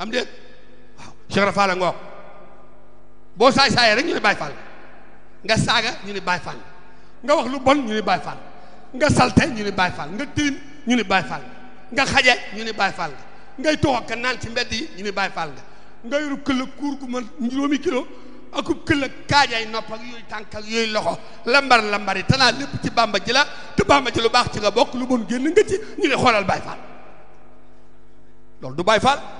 am déet waaw Cheikh Ibra Fall ngoog boo bai fal. rek ñu ne bai fal. nga saaga ñu ne Baay fal nga wax lu bon ñu ne Baay Fall nga salte ñu ne Baay Fall nga tilim ñu ne Baay Fall nga fal. ñu ne Baay Fall nga ngay toog ak naan ci mbedd ñu nga man kilo akub këll ak kaajay ak yooyu tànk ak yooyu loxo lambar lambari yi tanaa lépp ci bàmba ji la te bàmba ji lu baax ci nga bokk lu bon génn nga ci ñu ne xoolal Baay du